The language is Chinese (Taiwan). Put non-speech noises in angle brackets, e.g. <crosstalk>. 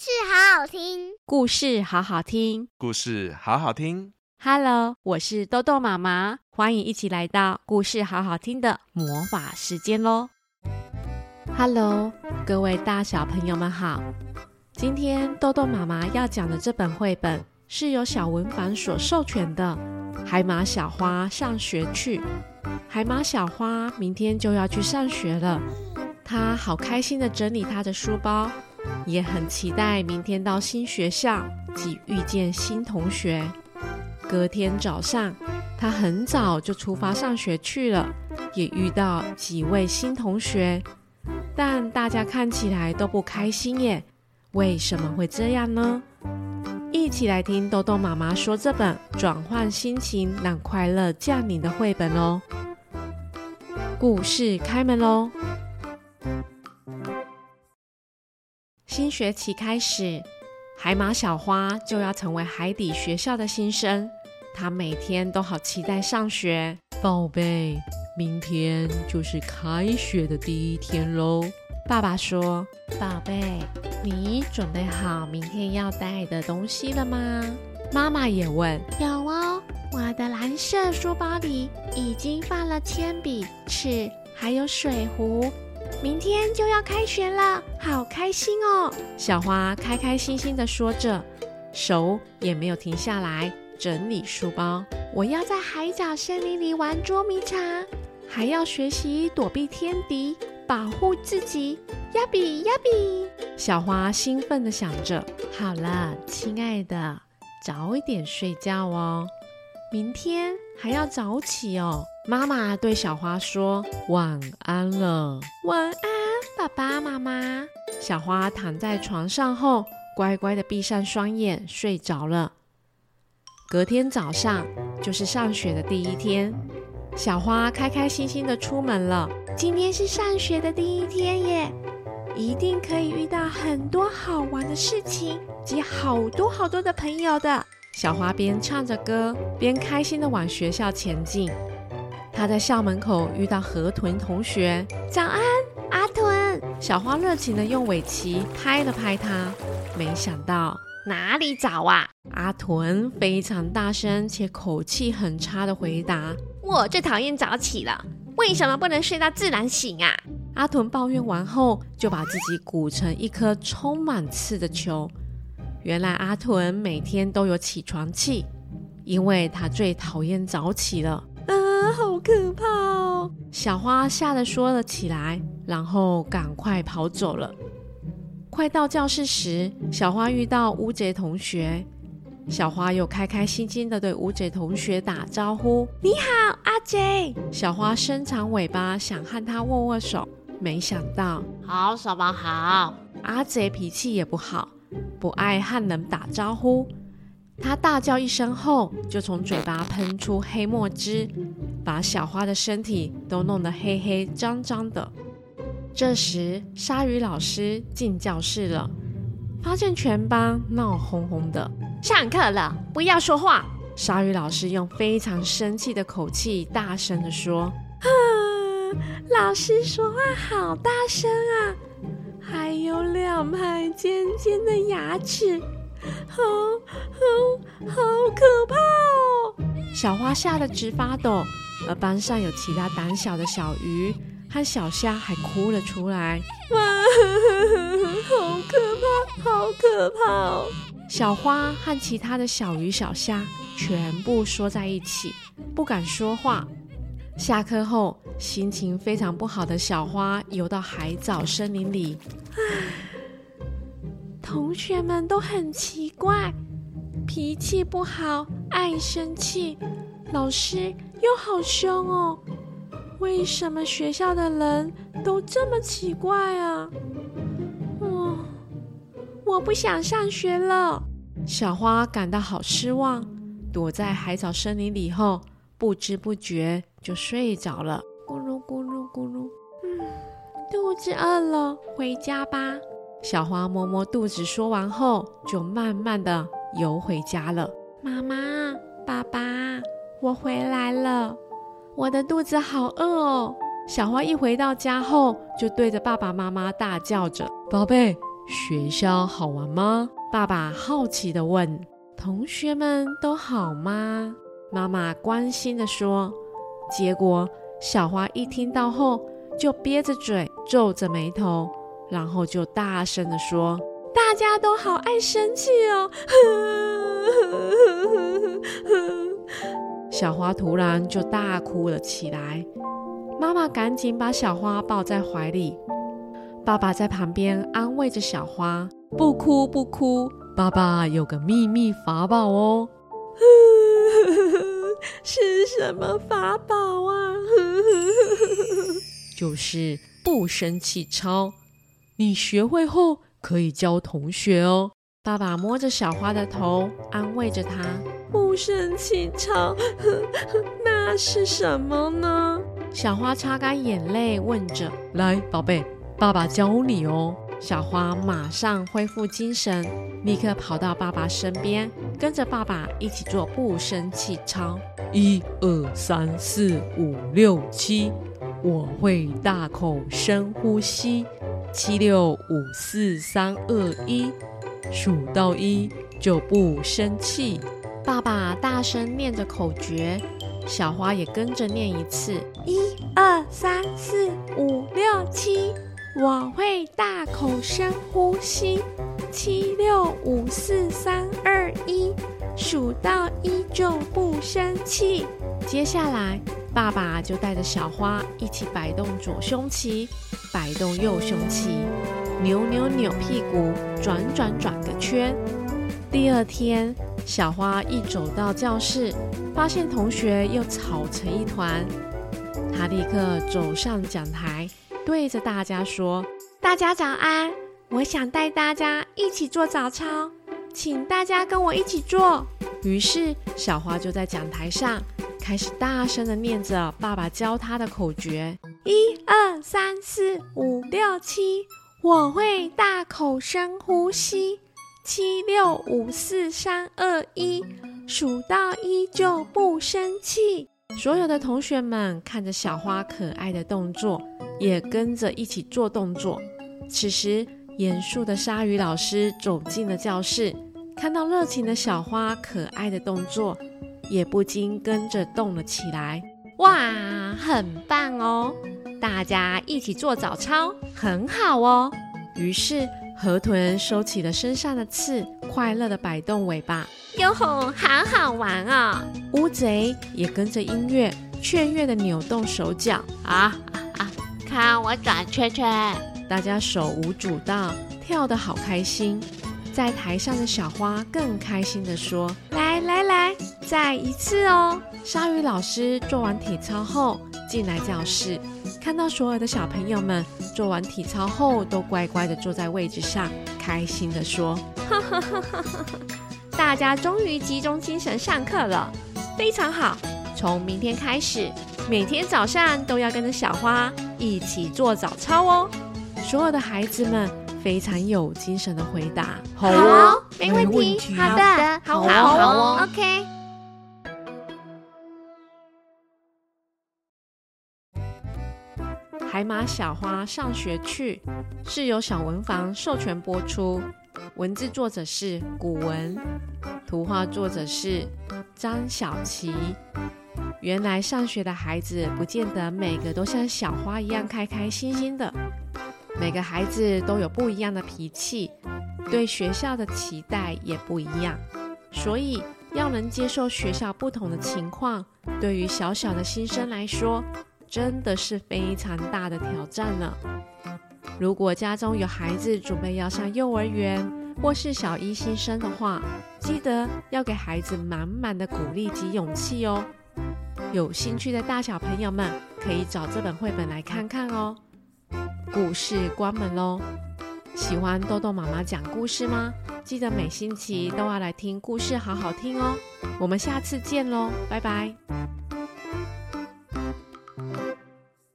好好故事好好聽，故事好好聽，故事好好聽。Hello，我是豆豆媽媽，歡迎一起來到故事好好聽的魔法時間嘍。Hello，各位大小朋友們好。今天豆豆媽媽要講的這本繪本是由小文房所授權的《海馬小花上學去》。海馬小花明天就要去上學了，她好開心地整理她的書包。也很期待明天到新學校及遇見新同學。隔天早上，他很早就出發上學去了，也遇到幾位新同學，但大家看起來都不開心耶。為什麼會這樣呢？一起來聽豆豆媽媽說這本《轉換心情讓快樂降臨》的繪本哦。故事開門嘍。新學期開始，海馬小花就要成為海底學校的新生。她每天都好期待上學。寶貝，明天就是開學的第一天嘍。爸爸說：“寶貝，你準備好明天要帶的東西了嗎？”媽媽也問：“有哦，我的藍色書包裡已經放了鉛筆、尺，還有水壺。”明天就要開學了，好開心哦！小花開開心心的說着，手也沒有停下來整理書包。我要在海藻森林裡玩捉迷藏，還要學習躲避天敵，保護自己。呀比呀比！小花興奮的想着。好了，親愛的，早一點睡覺哦。明天還要早起哦，媽媽對小花說：“晚安了。”晚安，爸爸媽媽。小花躺在床上後，乖乖的閉上雙眼，睡着了。隔天早上，就是上學的第一天，小花開開心心的出門了。今天是上學的第一天耶，一定可以遇到很多好玩的事情，及好多好多的朋友的。小花邊唱着歌，邊開心的往學校前進。她在校門口遇到河豚同學，早安，阿豚！小花熱情的用尾鰭拍了拍他。沒想到，哪裡早啊？阿豚非常大聲且口氣很差的回答：“我最討厭早起了，為什麼不能睡到自然醒啊？”阿豚抱怨完後，就把自己鼓成一顆充滿刺的球。原來阿豚每天都有起床氣，因為他最討厭早起了。啊，好可怕哦！小花嚇得說了起來，然後趕快跑走了。快到教室時，小花遇到烏賊同學，小花又開開心心的對烏賊同學打招呼：“你好，阿賊！”小花伸長尾巴想和他握握手，沒想到，好什麼好？阿賊脾氣也不好。不愛和人打招呼，他大叫一聲後，就從嘴巴噴出黑墨汁，把小花的身體都弄得黑黑髒髒的。這時，鯊魚老師進教室了，發現全班鬧哄哄的，上課了，不要說話！鯊魚老師用非常生氣的口氣大聲地說：“哼，老師說話好大聲啊！”還有兩排尖尖的牙齒，好，好，好可怕哦！小花嚇得直發抖，而班上有其他膽小的小魚和小蝦還哭了出來，哇哈哈哈，好可怕，好可怕哦！小花和其他的小魚小蝦全部縮在一起，不敢說話。下課後，心情非常不好的小花游到海藻森林裡。啊、同學們都很奇怪，脾氣不好，愛生氣，老師又好凶哦。為什麼學校的人都這麼奇怪啊？我、哦、我不想上學了。小花感到好失望，躲在海藻森林裡後。不知不覺就睡着了，咕嚕咕嚕咕嚕，嗯，肚子餓了，回家吧。小花摸摸肚子，說完後就慢慢地游回家了。媽媽，爸爸，我回來了，我的肚子好餓哦。小花一回到家後，就對着爸爸媽媽大叫着：“寶貝，學校好玩嗎？”爸爸好奇地問：“同學們都好嗎？”媽媽關心的說，結果小花一聽到後就憋着嘴，皺着眉頭，然後就大聲的說：“大家都好愛生氣哦！” <laughs> 小花突然就大哭了起來，媽媽趕緊把小花抱在懷裡，爸爸在旁邊安慰着小花：“不哭不哭，爸爸有個秘密法寶哦。”是什麼法寶啊？ <laughs> 就是不生氣操！你學會後可以教同學哦。爸爸摸着小花的頭，安慰着她。不生氣操， <laughs> 那是什麼呢？小花擦乾眼淚問着。來，寶貝，爸爸教你哦。小花馬上恢復精神，立刻跑到爸爸身邊，跟着爸爸一起做不生氣操。一、二、三、四、五、六、七，我會大口深呼吸。七、六、五、四、三、二、一，數到一就不生氣。爸爸大聲念着口訣，小花也跟着念一次：一、二、三、四、五、六、七。我會大口深呼吸，七六五四三二一，數到一就不生氣。接下來，爸爸就帶着小花一起擺動左胸鰭，擺動右胸鰭，扭扭扭屁股，轉轉轉個圈。第二天，小花一走到教室，發現同學又吵成一團，她立刻走上講台。對着大家說：“大家早安，我想帶大家一起做早操，請大家跟我一起做。”於是，小花就在講台上開始大聲地念着爸爸教她的口訣：“一二三四五六七，我會大口深呼吸；七六五四三二一，數到一就不生氣。”所有的同學們看着小花可愛的動作，也跟着一起做動作。此時，嚴肅的鯊魚老師走進了教室，看到熱情的小花可愛的動作，也不禁跟着動了起來。哇，很棒哦！大家一起做早操，很好哦。於是，河豚收起了身上的刺，快樂的擺動尾巴。喲吼、哦，好好玩啊、哦！烏賊也跟着音樂雀躍的扭動手腳啊。看我轉圈圈！大家手舞足蹈，跳得好開心。在台上的小花更開心的說：“來來來，再一次哦！”鯊魚老師做完體操後進來教室，好看到所有的小朋友們做完體操後都乖乖的坐在位置上，開心的說：“哈哈哈哈哈！大家終於集中精神上課了，非常好。從明天開始，每天早上都要跟着小花。”一起做早操哦！所有的孩子們非常有精神的回答：“好哦、好哦，沒問題，沒問題啊、好的，好好好 OK。海馬小花上學去是由小文房授權播出，文字作者是古文，圖畫作者是張筱琦。原來上學的孩子不見得每個都像小花一樣開開心心的，每個孩子都有不一樣的脾氣，對學校的期待也不一樣。所以要能接受學校不同的情況，對於小小的新生來說，真的是非常大的挑戰了。如果家中有孩子準備要上幼兒園或是小一新生的話，記得要給孩子滿滿的鼓勵及勇氣哦。有興趣的大小朋友們，可以找這本繪本來看看哦。故事關門嘍，喜歡荳荳媽媽講故事嗎？記得每星期都要來聽故事，好好聽哦。我們下次見嘍，拜拜。